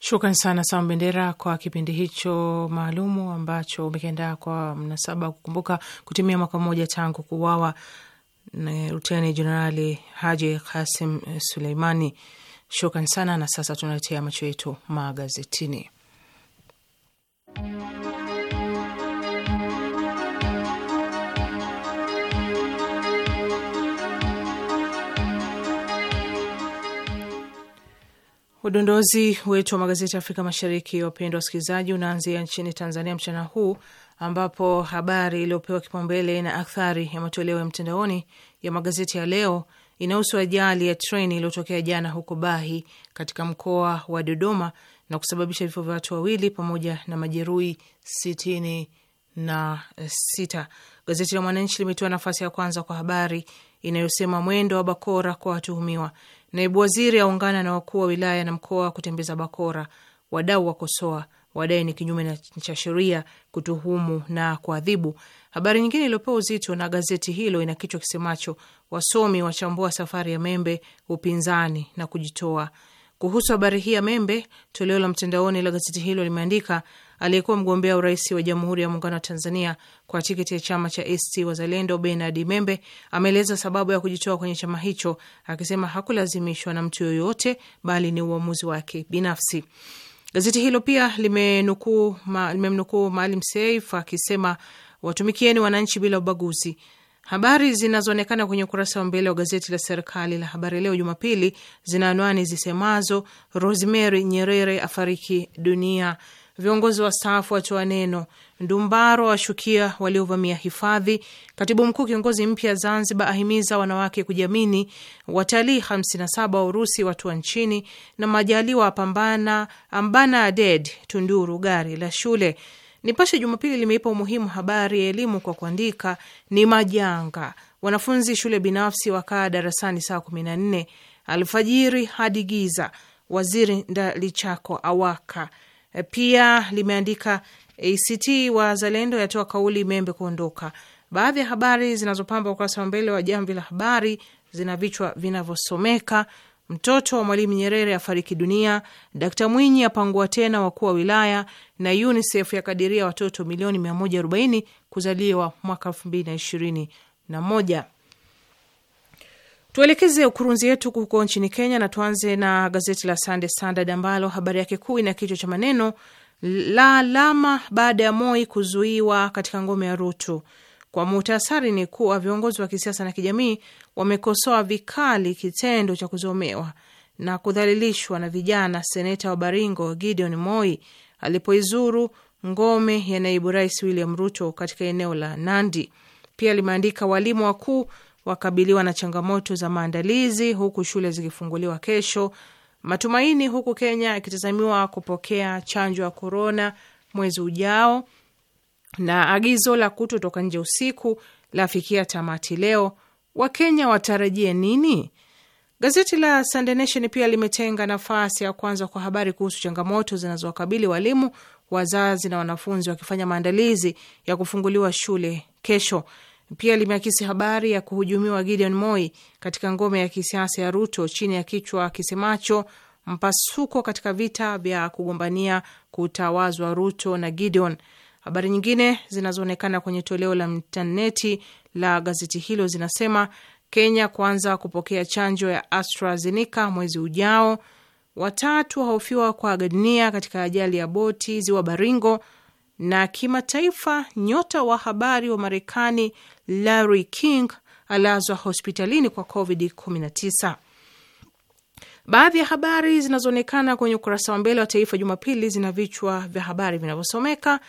Shukran sana sama Bendera kwa kipindi hicho maalumu ambacho umekenda kwa mnasaba wa kukumbuka kutimia mwaka mmoja tangu kuuawa eh, Luteni Jenerali Haji Kasim Suleimani. Shukran sana na sasa tunaletea macho yetu magazetini. Udondozi wetu wa magazeti ya Afrika Mashariki, wapendwa wasikilizaji, unaanzia nchini Tanzania mchana huu ambapo habari iliyopewa kipaumbele na athari ya matoleo ya mtandaoni ya magazeti ya leo inahusu ajali ya treni iliyotokea jana huko Bahi katika mkoa wa Dodoma na kusababisha vifo vya watu wawili pamoja na majeruhi sitini na sita. Gazeti la Mwananchi limetoa nafasi ya kwanza kwa habari inayosema mwendo wa bakora kwa watuhumiwa. Naibu waziri aungana na wakuu wa wilaya na mkoa kutembeza bakora. Wadau wakosoa wadai ni kinyume cha sheria kutuhumu na kuadhibu. Habari nyingine iliyopewa uzito na gazeti hilo ina kichwa kisemacho wasomi wachambua safari ya Membe, upinzani na kujitoa. Kuhusu habari hii ya Membe, toleo la mtandaoni la gazeti hilo limeandika aliyekuwa mgombea urais wa Jamhuri ya Muungano wa Tanzania kwa tiketi ya chama cha ACT Wazalendo, Bernard Membe ameeleza sababu ya kujitoa kwenye chama hicho, akisema hakulazimishwa na mtu yoyote, bali ni uamuzi wake binafsi. Gazeti hilo pia limemnukuu Maalim Seif akisema watumikieni wananchi bila ubaguzi. Habari zinazoonekana kwenye ukurasa wa mbele wa gazeti la serikali la Habari Leo Jumapili zina anwani zisemazo Rosemary Nyerere afariki dunia, viongozi wa staafu watoa neno, Ndumbaro washukia waliovamia hifadhi, katibu mkuu kiongozi mpya Zanzibar ahimiza wanawake kujiamini, watalii 57 wa Urusi watua nchini, na Majaliwa apambana ambana ded Tunduru gari la shule. Nipashe Jumapili limeipa umuhimu habari ya elimu kwa kuandika ni majanga, wanafunzi shule binafsi wakaa darasani saa 14 alfajiri hadi giza, waziri Ndalichako awaka E, pia limeandika ACT e, e Wazalendo yatoa kauli Membe kuondoka. Baadhi ya habari zinazopamba ukurasa wa mbele wa Jamvi la Habari zina vichwa vinavyosomeka: mtoto wa Mwalimu Nyerere afariki dunia, Dkt Mwinyi apangua tena wakuu wa wilaya, na UNICEF yakadiria watoto milioni 140 kuzaliwa mwaka 2021. Tuelekeze ukurunzi yetu huko nchini Kenya na tuanze na gazeti la Sunday Standard ambalo habari yake kuu ina kichwa cha maneno la alama baada ya Moi kuzuiwa katika ngome ya Ruto. Kwa muhtasari, ni kuwa viongozi wa kisiasa na kijamii wamekosoa vikali kitendo cha kuzomewa na kudhalilishwa na vijana seneta wa Baringo Gideon Moi alipoizuru ngome ya naibu rais William Ruto katika eneo la Nandi. Pia limeandika walimu wakuu wakabiliwa na changamoto za maandalizi huku shule zikifunguliwa kesho. Matumaini huku Kenya ikitazamiwa kupokea chanjo ya korona mwezi ujao, na agizo la kutotoka nje usiku lafikia tamati leo. Wakenya watarajie nini? Gazeti la Sunday Nation pia limetenga nafasi ya kwanza kwa habari kuhusu changamoto zinazowakabili walimu, wazazi na wanafunzi wakifanya maandalizi ya kufunguliwa shule kesho pia limeakisi habari ya kuhujumiwa Gideon Moi katika ngome ya kisiasa ya Ruto chini ya kichwa kisemacho mpasuko katika vita vya kugombania kutawazwa Ruto na Gideon. Habari nyingine zinazoonekana kwenye toleo la intaneti la gazeti hilo zinasema Kenya kuanza kupokea chanjo ya AstraZeneca mwezi ujao. Watatu wahofiwa kwa dunia katika ajali ya boti ziwa Baringo na kimataifa, nyota wa habari wa Marekani Larry King alazwa hospitalini kwa COVID-19. Baadhi ya habari zinazoonekana kwenye ukurasa wa mbele wa Taifa Jumapili zina vichwa vya habari vinavyosomeka: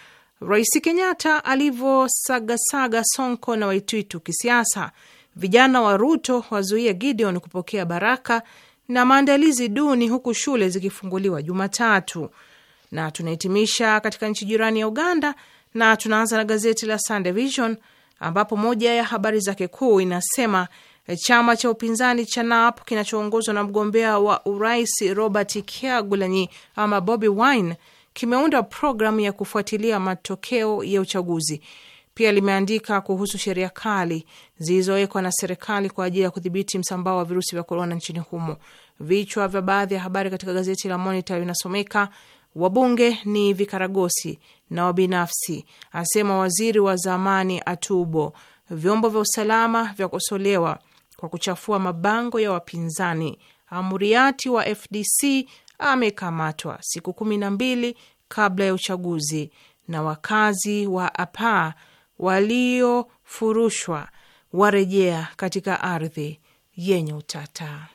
Rais Kenyatta alivyosagasaga Sonko na Waitwitu kisiasa, vijana wa Ruto wazuia Gideon kupokea baraka, na maandalizi duni huku shule zikifunguliwa Jumatatu na tunahitimisha katika nchi jirani ya Uganda, na tunaanza na gazeti la Sunday Vision ambapo moja ya habari zake kuu inasema eh, chama cha upinzani cha NAP kinachoongozwa na mgombea wa urais Robert Kyagulanyi ama Bobi Wine kimeunda programu ya kufuatilia matokeo ya uchaguzi. Pia limeandika kuhusu sheria kali zilizowekwa na serikali kwa ajili ya kudhibiti msambao wa virusi vya korona nchini humo. Vichwa vya baadhi ya habari katika gazeti la Monitor vinasomeka wabunge ni vikaragosi na wabinafsi, asema waziri wa zamani Atubo. Vyombo vya usalama vyakosolewa kwa kuchafua mabango ya wapinzani. Amuriati wa FDC amekamatwa siku kumi na mbili kabla ya uchaguzi, na wakazi wa Apa waliofurushwa warejea katika ardhi yenye utata.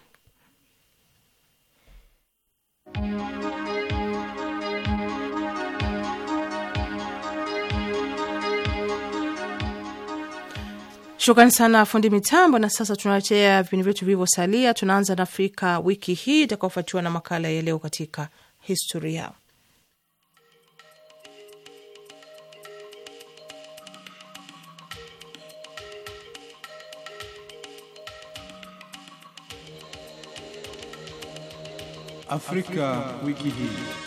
Shukrani sana fundi mitambo. Na sasa tunaletea vipindi vyetu vilivyosalia. Tunaanza na Afrika wiki hii itakaofuatiwa na makala ya leo katika historia. Afrika, Afrika wiki hii.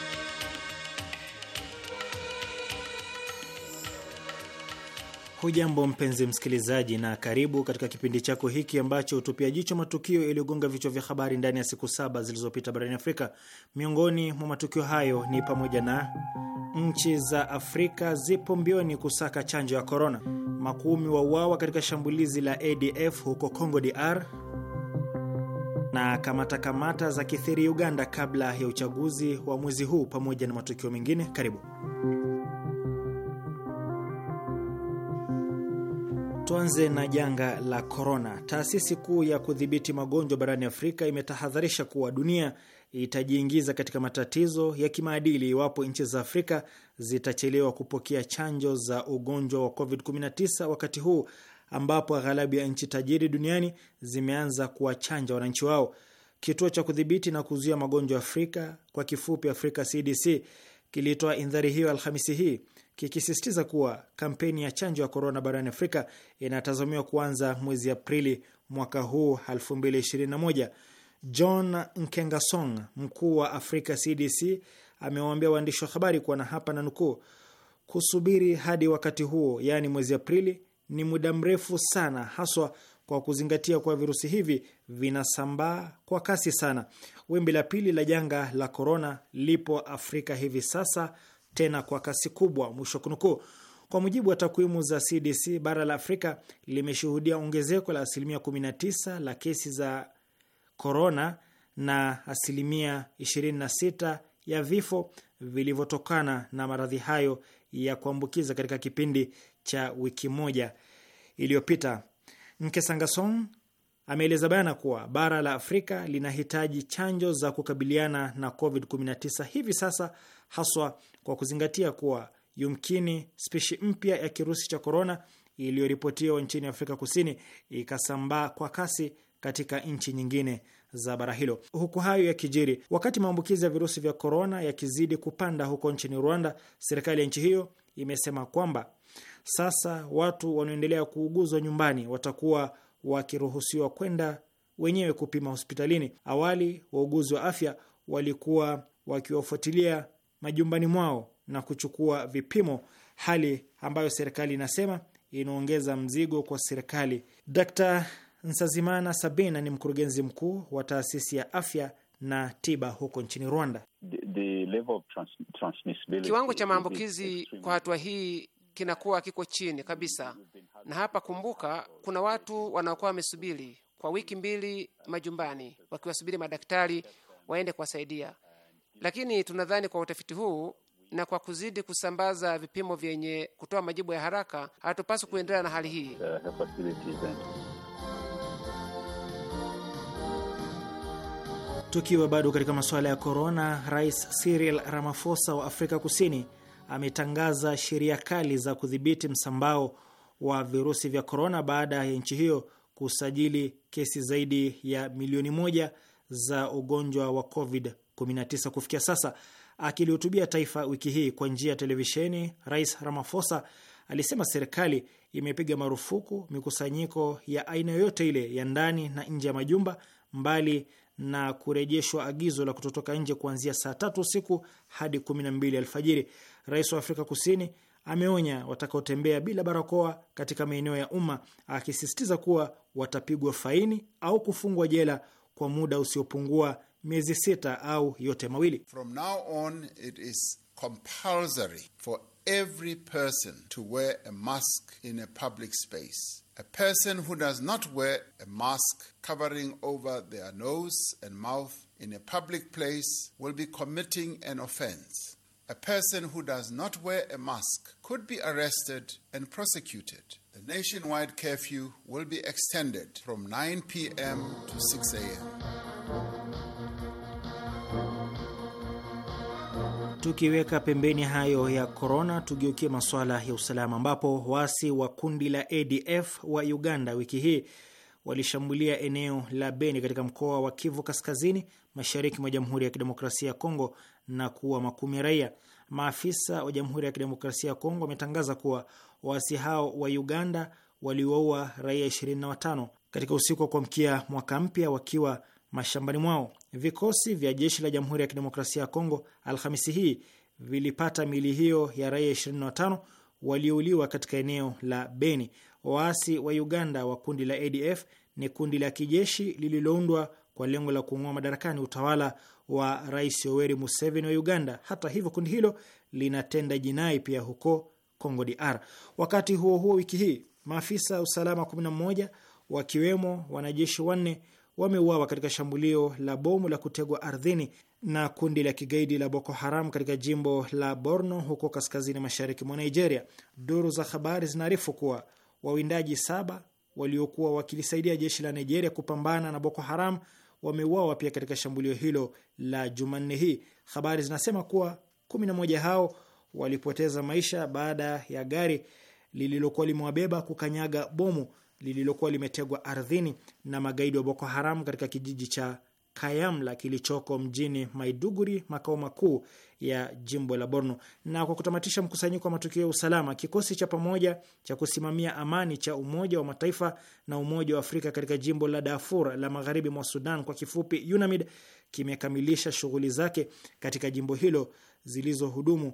Hujambo mpenzi msikilizaji, na karibu katika kipindi chako hiki ambacho hutupia jicho matukio yaliyogonga vichwa vya habari ndani ya siku saba zilizopita barani Afrika. Miongoni mwa matukio hayo ni pamoja na nchi za Afrika zipo mbioni kusaka chanjo ya korona, makumi uawa katika shambulizi la ADF huko Congo DR, na kamata kamata za kithiri Uganda kabla ya uchaguzi wa mwezi huu, pamoja na matukio mengine. Karibu. Tuanze na janga la korona. Taasisi kuu ya kudhibiti magonjwa barani Afrika imetahadharisha kuwa dunia itajiingiza katika matatizo ya kimaadili iwapo nchi za Afrika zitachelewa kupokea chanjo za ugonjwa wa COVID-19 wakati huu ambapo aghalabu ya nchi tajiri duniani zimeanza kuwachanja wananchi wao. Kituo cha kudhibiti na kuzuia magonjwa Afrika, kwa kifupi Afrika CDC, kilitoa indhari hiyo Alhamisi hii kikisisitiza kuwa kampeni ya chanjo ya korona barani Afrika inatazamiwa kuanza mwezi Aprili mwaka huu 2021. John Nkengasong, mkuu wa Afrika CDC, amewaambia waandishi wa habari kuwa na hapa na nukuu, kusubiri hadi wakati huo, yaani mwezi Aprili, ni muda mrefu sana, haswa kwa kuzingatia kuwa virusi hivi vinasambaa kwa kasi sana. Wimbi la pili la janga la korona lipo Afrika hivi sasa tena kwa kasi kubwa, mwisho kunukuu. Kwa mujibu wa takwimu za CDC, bara la Afrika limeshuhudia ongezeko la asilimia 19 la kesi za korona na asilimia 26 ya vifo vilivyotokana na maradhi hayo ya kuambukiza katika kipindi cha wiki moja iliyopita. Nkesangasong ameeleza bayana kuwa bara la Afrika linahitaji chanjo za kukabiliana na COVID-19 hivi sasa, haswa kwa kuzingatia kuwa yumkini spishi mpya ya kirusi cha korona iliyoripotiwa nchini Afrika Kusini ikasambaa kwa kasi katika nchi nyingine za bara hilo. Huku hayo yakijiri, wakati maambukizi ya virusi vya korona yakizidi kupanda huko nchini Rwanda, serikali ya nchi hiyo imesema kwamba sasa watu wanaoendelea kuuguzwa nyumbani watakuwa wakiruhusiwa kwenda wenyewe kupima hospitalini. Awali wauguzi wa afya walikuwa wakiwafuatilia majumbani mwao na kuchukua vipimo, hali ambayo serikali inasema inaongeza mzigo kwa serikali. Dr. Nsazimana Sabina ni mkurugenzi mkuu wa taasisi ya afya na tiba huko nchini Rwanda. Kiwango cha maambukizi kwa hatua hii kinakuwa kiko chini kabisa. Na hapa kumbuka, kuna watu wanaokuwa wamesubiri kwa wiki mbili majumbani wakiwasubiri madaktari waende kuwasaidia, lakini tunadhani kwa utafiti huu na kwa kuzidi kusambaza vipimo vyenye kutoa majibu ya haraka, hatupaswi kuendelea na hali hii. Tukiwa bado katika masuala ya korona, Rais Cyril Ramaphosa wa Afrika Kusini ametangaza sheria kali za kudhibiti msambao wa virusi vya korona baada ya nchi hiyo kusajili kesi zaidi ya milioni moja za ugonjwa wa COVID-19 kufikia sasa. Akilihutubia taifa wiki hii kwa njia ya televisheni, Rais Ramaphosa alisema serikali imepiga marufuku mikusanyiko ya aina yoyote ile ya ndani na nje ya majumba, mbali na kurejeshwa agizo la kutotoka nje kuanzia saa tatu usiku hadi kumi na mbili alfajiri rais wa Afrika Kusini ameonya watakaotembea bila barakoa katika maeneo ya umma, akisisitiza kuwa watapigwa faini au kufungwa jela kwa muda usiopungua miezi sita au yote mawili. From now on it is compulsory for every person to wear a mask in a public space. A person who does not wear a mask covering over their nose and mouth in a public place will be committing an offense. A person who does not wear a mask could be arrested and prosecuted. The nationwide curfew will be extended from 9 p.m. to 6 a.m. Tukiweka pembeni hayo ya korona, tugeukie masuala ya usalama, ambapo waasi wa kundi la ADF wa Uganda wiki hii walishambulia eneo la Beni katika mkoa wa Kivu Kaskazini, mashariki mwa Jamhuri ya Kidemokrasia ya Kongo na kuwa makumi raia. Maafisa wa Jamhuri ya Kidemokrasia ya Kongo wametangaza kuwa waasi hao wa Uganda waliwaua raia 25 katika usiku wa kuamkia mwaka mpya wakiwa mashambani mwao. Vikosi vya jeshi la Jamhuri ya Kidemokrasia ya Kongo Alhamisi hii vilipata mili hiyo ya raia 25 waliouliwa katika eneo la Beni. Waasi wa Uganda wa kundi la ADF ni kundi la kijeshi lililoundwa kwa lengo la kuung'oa madarakani utawala wa Rais Yoweri Museveni wa Uganda. Hata hivyo, kundi hilo linatenda jinai pia huko Congo DR. Wakati huo huo, wiki hii maafisa usalama 11 wakiwemo wanajeshi wanne wameuawa katika shambulio la bomu la kutegwa ardhini na kundi la kigaidi la Boko Haram katika jimbo la Borno huko kaskazini mashariki mwa Nigeria. Duru za habari zinaarifu kuwa wawindaji saba waliokuwa wakilisaidia jeshi la Nigeria kupambana na Boko Haram wameuawa pia katika shambulio hilo la Jumanne hii. Habari zinasema kuwa kumi moja hao walipoteza maisha baada ya gari lililokuwa limewabeba kukanyaga bomu lililokuwa limetegwa ardhini na magaidi wa Boko Haram katika kijiji cha Kayamla kilichoko mjini Maiduguri, makao makuu ya jimbo la Borno. Na kwa kutamatisha mkusanyiko wa matukio ya usalama, kikosi cha pamoja cha kusimamia amani cha Umoja wa Mataifa na Umoja wa Afrika katika jimbo la Darfur la magharibi mwa Sudan, kwa kifupi UNAMID, kimekamilisha shughuli zake katika jimbo hilo zilizohudumu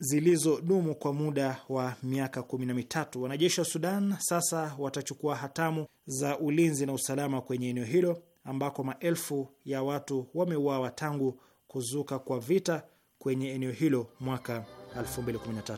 zilizodumu kwa muda wa miaka kumi na mitatu. Wanajeshi wa Sudan sasa watachukua hatamu za ulinzi na usalama kwenye eneo hilo ambako maelfu ya watu wameuawa tangu kuzuka kwa vita kwenye eneo hilo mwaka 2013.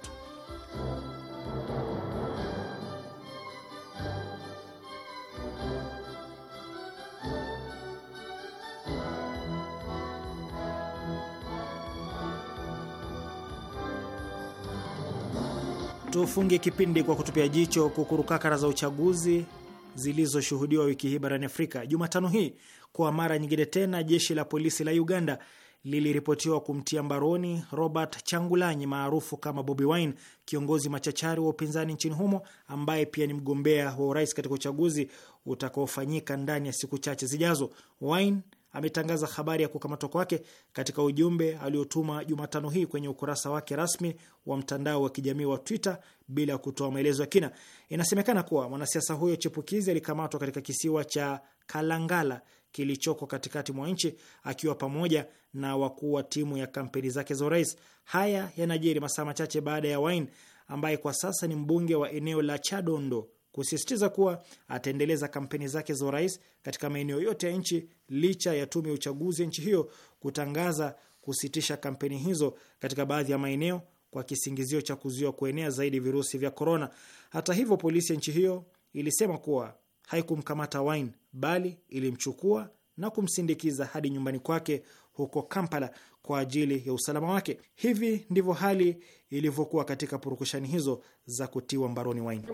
Tufunge kipindi kwa kutupia jicho kukurukakara za uchaguzi zilizoshuhudiwa wiki hii barani Afrika. Jumatano hii kwa mara nyingine tena jeshi la polisi la Uganda liliripotiwa kumtia mbaroni Robert Changulanyi maarufu kama Bobi Wine, kiongozi machachari wa upinzani nchini humo ambaye pia ni mgombea wa urais katika uchaguzi utakaofanyika ndani ya siku chache zijazo. Wine ametangaza habari ya kukamatwa kwake katika ujumbe aliotuma Jumatano hii kwenye ukurasa wake rasmi wa mtandao wa kijamii wa Twitter bila kutoa maelezo ya kina. Inasemekana kuwa mwanasiasa huyo chipukizi alikamatwa katika kisiwa cha Kalangala kilichoko katikati mwa nchi akiwa pamoja na wakuu wa timu ya kampeni zake za urais. Haya yanajiri masaa machache baada ya Wine ambaye kwa sasa ni mbunge wa eneo la Chadondo kusisitiza kuwa ataendeleza kampeni zake za urais katika maeneo yote ya nchi licha ya tume ya uchaguzi ya nchi hiyo kutangaza kusitisha kampeni hizo katika baadhi ya maeneo kwa kisingizio cha kuzuia kuenea zaidi virusi vya korona. Hata hivyo, polisi ya nchi hiyo ilisema kuwa haikumkamata Wine bali ilimchukua na kumsindikiza hadi nyumbani kwake huko Kampala kwa ajili ya usalama wake. Hivi ndivyo hali ilivyokuwa katika purukushani hizo za kutiwa mbaroni waini.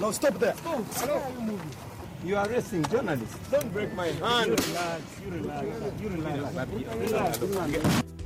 No, You are Don't break my hand. You relax. You relax. You relax. You relax. You relax.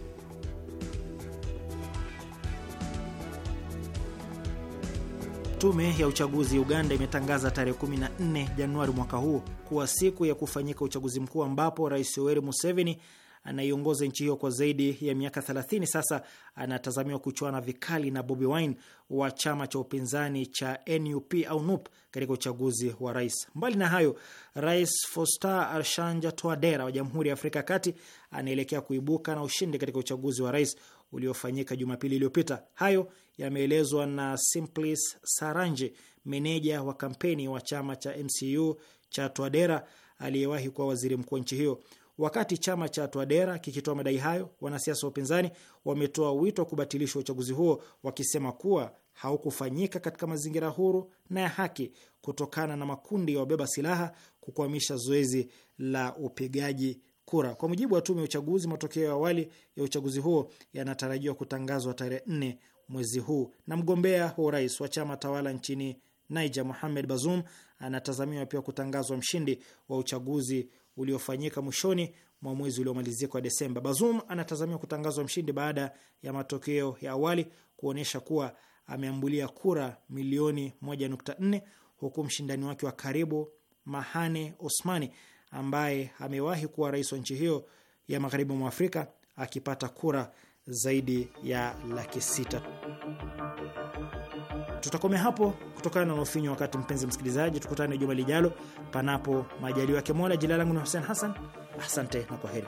Tume ya uchaguzi Uganda imetangaza tarehe 14 Januari mwaka huu kuwa siku ya kufanyika uchaguzi mkuu ambapo Rais Yoweri Museveni anayeongoza nchi hiyo kwa zaidi ya miaka 30 sasa anatazamiwa kuchuana vikali na Bobi Wine wa chama cha upinzani cha NUP au NUP katika uchaguzi wa rais. Mbali na hayo, Rais Faustin Archange Touadera wa Jamhuri ya Afrika ya Kati anaelekea kuibuka na ushindi katika uchaguzi wa rais uliofanyika Jumapili iliyopita. Hayo yameelezwa na Simplis Saranje, meneja wa kampeni wa chama cha MCU cha Twadera aliyewahi kuwa waziri mkuu wa nchi hiyo. Wakati chama cha Twadera kikitoa madai hayo, wanasiasa wa upinzani wametoa wito wa kubatilishwa uchaguzi huo, wakisema kuwa haukufanyika katika mazingira huru na ya haki kutokana na makundi ya wabeba silaha kukwamisha zoezi la upigaji kura. Kwa mujibu wa tume ya uchaguzi, matokeo ya awali ya uchaguzi huo yanatarajiwa kutangazwa tarehe 4 mwezi huu. Na mgombea wa urais wa chama tawala nchini Niger, Mohamed Bazoum, anatazamiwa pia kutangazwa mshindi wa uchaguzi uliofanyika mwishoni mwa mwezi uliomalizika wa Desemba. Bazoum anatazamiwa kutangazwa mshindi baada ya matokeo ya awali kuonyesha kuwa ameambulia kura milioni 1.4 huku mshindani wake wa karibu Mahane Osmani ambaye amewahi kuwa rais wa nchi hiyo ya magharibi mwa Afrika akipata kura zaidi ya laki sita. Tutakomea hapo kutokana na ufinyo wakati, mpenzi msikilizaji, tukutane juma lijalo, panapo majaliwa yake Mola. Jina langu ni Hussein Hassan, asante na kwa heri.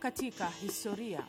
katika historia.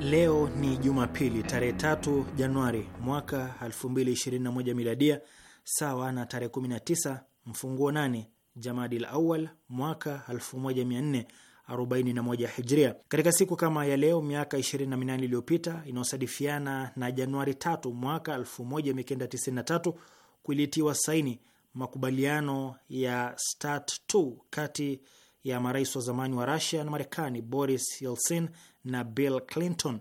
Leo ni Jumapili tarehe tatu Januari mwaka 2021 miladia, sawa na tarehe 19 mfunguo 8 Jamadil Awal mwaka 1441 Hijria. Katika siku kama ya leo miaka 28 iliyopita inayosadifiana na Januari 3 mwaka 1993 kuilitiwa saini makubaliano ya START2 kati ya marais wa zamani wa Rusia na Marekani Boris Yeltsin na Bill Clinton.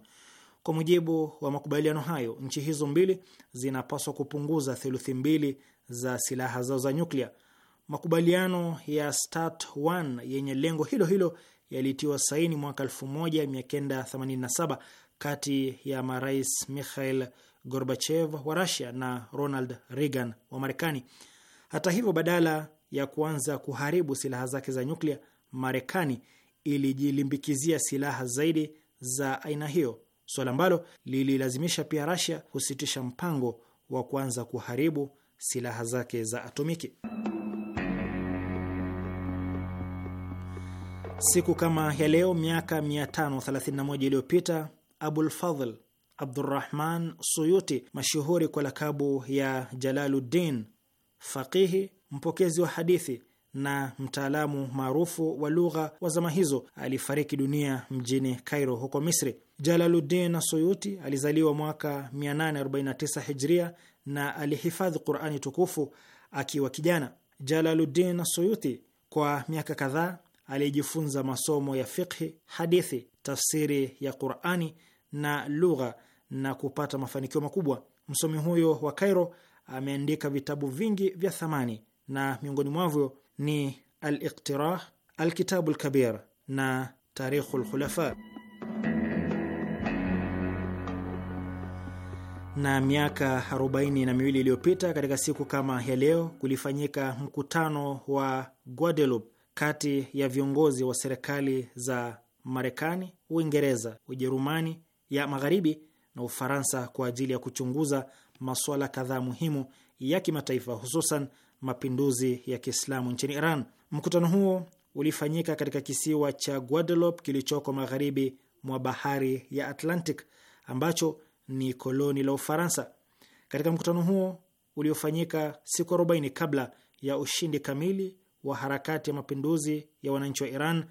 Kwa mujibu wa makubaliano hayo, nchi hizo mbili zinapaswa kupunguza theluthi mbili za silaha zao za nyuklia. Makubaliano ya START 1 yenye lengo hilo hilo yalitiwa saini mwaka 1987 kati ya marais Mikhail Gorbachev wa Rusia na Ronald Reagan wa Marekani. Hata hivyo, badala ya kuanza kuharibu silaha zake za nyuklia, Marekani ilijilimbikizia silaha zaidi za aina hiyo, suala ambalo lililazimisha pia Rasia kusitisha mpango wa kuanza kuharibu silaha zake za atomiki. Siku kama ya leo miaka 531 iliyopita Abulfadhl Abdurrahman Suyuti, mashuhuri kwa lakabu ya Jalaluddin, faqihi, mpokezi wa hadithi na mtaalamu maarufu wa lugha wa zama hizo alifariki dunia mjini Cairo huko Misri. Jalaluddin Suyuti alizaliwa mwaka 849 Hijria na alihifadhi Qurani tukufu akiwa kijana. Jalaluddin Suyuti kwa miaka kadhaa alijifunza masomo ya fiqhi, hadithi, tafsiri ya Qurani na lugha na kupata mafanikio makubwa. Msomi huyo wa Cairo ameandika vitabu vingi vya thamani na miongoni mwavyo ni Al-Iqtirah, Alkitabu Lkabir na Tarikhu Lkhulafa. Na miaka arobaini na miwili iliyopita katika siku kama ya leo kulifanyika mkutano wa Guadeloupe kati ya viongozi wa serikali za Marekani, Uingereza, Ujerumani ya Magharibi na Ufaransa kwa ajili ya kuchunguza masuala kadhaa muhimu ya kimataifa hususan mapinduzi ya Kiislamu nchini Iran. Mkutano huo ulifanyika katika kisiwa cha Guadeloupe kilichoko magharibi mwa bahari ya Atlantic ambacho ni koloni la Ufaransa. Katika mkutano huo uliofanyika siku 40 kabla ya ushindi kamili wa harakati ya mapinduzi ya wananchi wa Iran,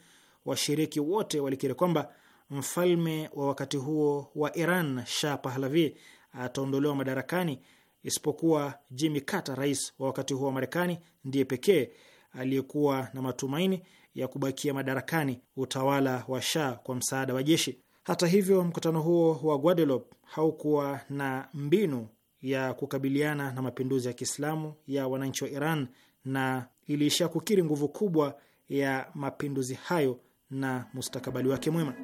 washiriki wote walikiri kwamba mfalme wa wakati huo wa Iran Shah Pahlavi ataondolewa madarakani isipokuwa Jimmy Carter, rais wa wakati huo wa Marekani, ndiye pekee aliyekuwa na matumaini ya kubakia madarakani utawala wa Shah kwa msaada wa jeshi. Hata hivyo, mkutano huo wa Guadeloupe haukuwa na mbinu ya kukabiliana na mapinduzi ya Kiislamu ya wananchi wa Iran na iliishia kukiri nguvu kubwa ya mapinduzi hayo na mustakabali wake mwema.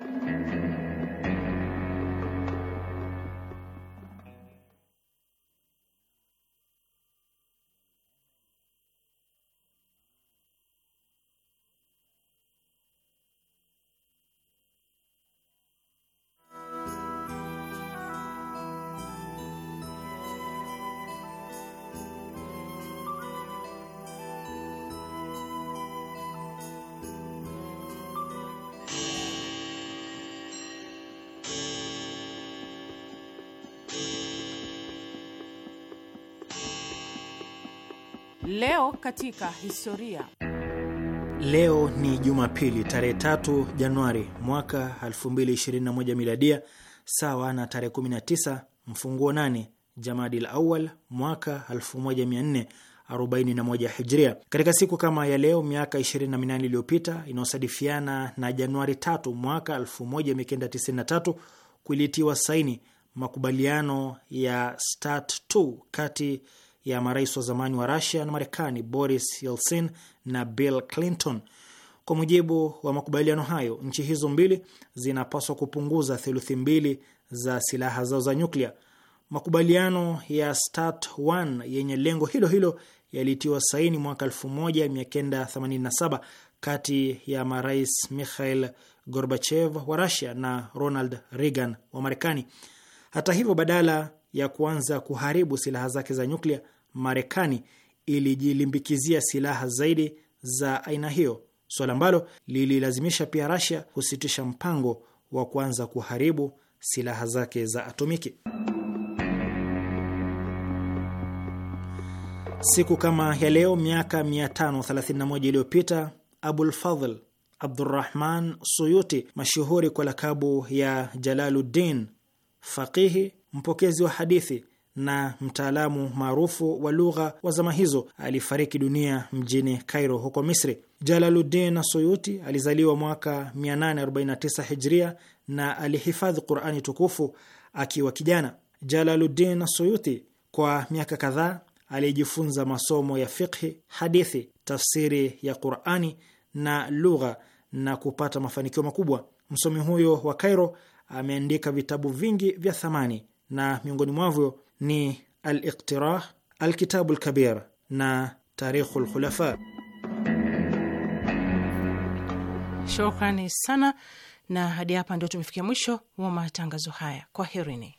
Leo katika historia. Leo ni Jumapili tarehe tatu Januari mwaka 2021 miladia, sawa na tarehe 19 mfunguo 8 Jamadil Awal mwaka 1441 Hijria. Katika siku kama ya leo miaka 28 iliyopita inayosadifiana na Januari 3 mwaka 1993 kuilitiwa saini makubaliano ya START2 kati ya marais wa zamani wa Rusia na Marekani Boris Yeltsin na Bill Clinton. Kwa mujibu wa makubaliano hayo, nchi hizo mbili zinapaswa kupunguza theluthi mbili za silaha zao za nyuklia. Makubaliano ya START 1 yenye lengo hilo hilo yalitiwa saini mwaka 1987 kati ya marais Mikhail Gorbachev wa Rusia na Ronald Reagan wa Marekani. Hata hivyo, badala ya kuanza kuharibu silaha zake za nyuklia, Marekani ilijilimbikizia silaha zaidi za aina hiyo, suala ambalo lililazimisha pia Rasia kusitisha mpango wa kuanza kuharibu silaha zake za atomiki. Siku kama ya leo miaka 531 iliyopita Abulfadl Abdurrahman Suyuti, mashuhuri kwa lakabu ya Jalaluddin, faqihi, mpokezi wa hadithi na mtaalamu maarufu wa lugha wa zama hizo alifariki dunia mjini Cairo huko Misri. Jalaluddin Suyuti alizaliwa mwaka 849 Hijria na alihifadhi Qurani tukufu akiwa kijana. Jalaluddin Suyuti kwa miaka kadhaa aliyejifunza masomo ya fiqhi, hadithi, tafsiri ya Qurani na lugha na kupata mafanikio makubwa. Msomi huyo wa Cairo ameandika vitabu vingi vya thamani na miongoni mwavyo ni aliktirah Alkitabu Lkabir na Tarikhu Lkhulafa. Shukrani sana, na hadi hapa ndio tumefikia mwisho wa matangazo haya. Kwaherini.